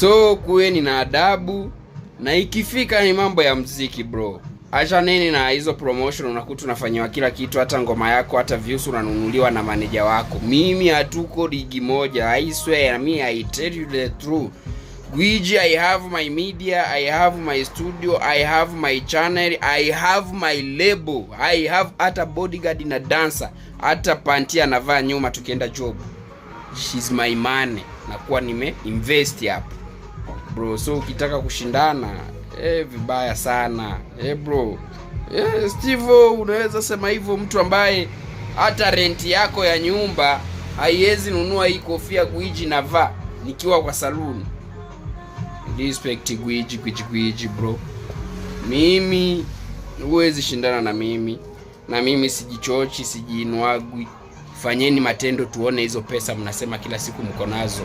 so kuweni na adabu, na ikifika ni mambo ya mziki bro, acha nini na hizo promotion, unakuta tunafanyiwa kila kitu, hata ngoma yako, hata views unanunuliwa na maneja wako. Mimi hatuko ligi moja, I swear me, I tell you the truth. Gwiji, I have my media, I have my studio, I have my channel, I have my label, I have hata bodyguard na dancer, hata panti anavaa nyuma tukienda job. She's my money, nakuwa nime invest hapo bro. So ukitaka kushindana eh, vibaya sana eh, bro eh, Steve, unaweza sema hivyo mtu ambaye hata renti yako ya nyumba haiwezi nunua hii kofia gwiji na va nikiwa kwa saluni. Respect gwiji, gwiji, gwiji bro. Mimi huwezi shindana na mimi, na mimi sijichochi, sijiinuagwi. Fanyeni matendo tuone hizo pesa mnasema kila siku mko nazo.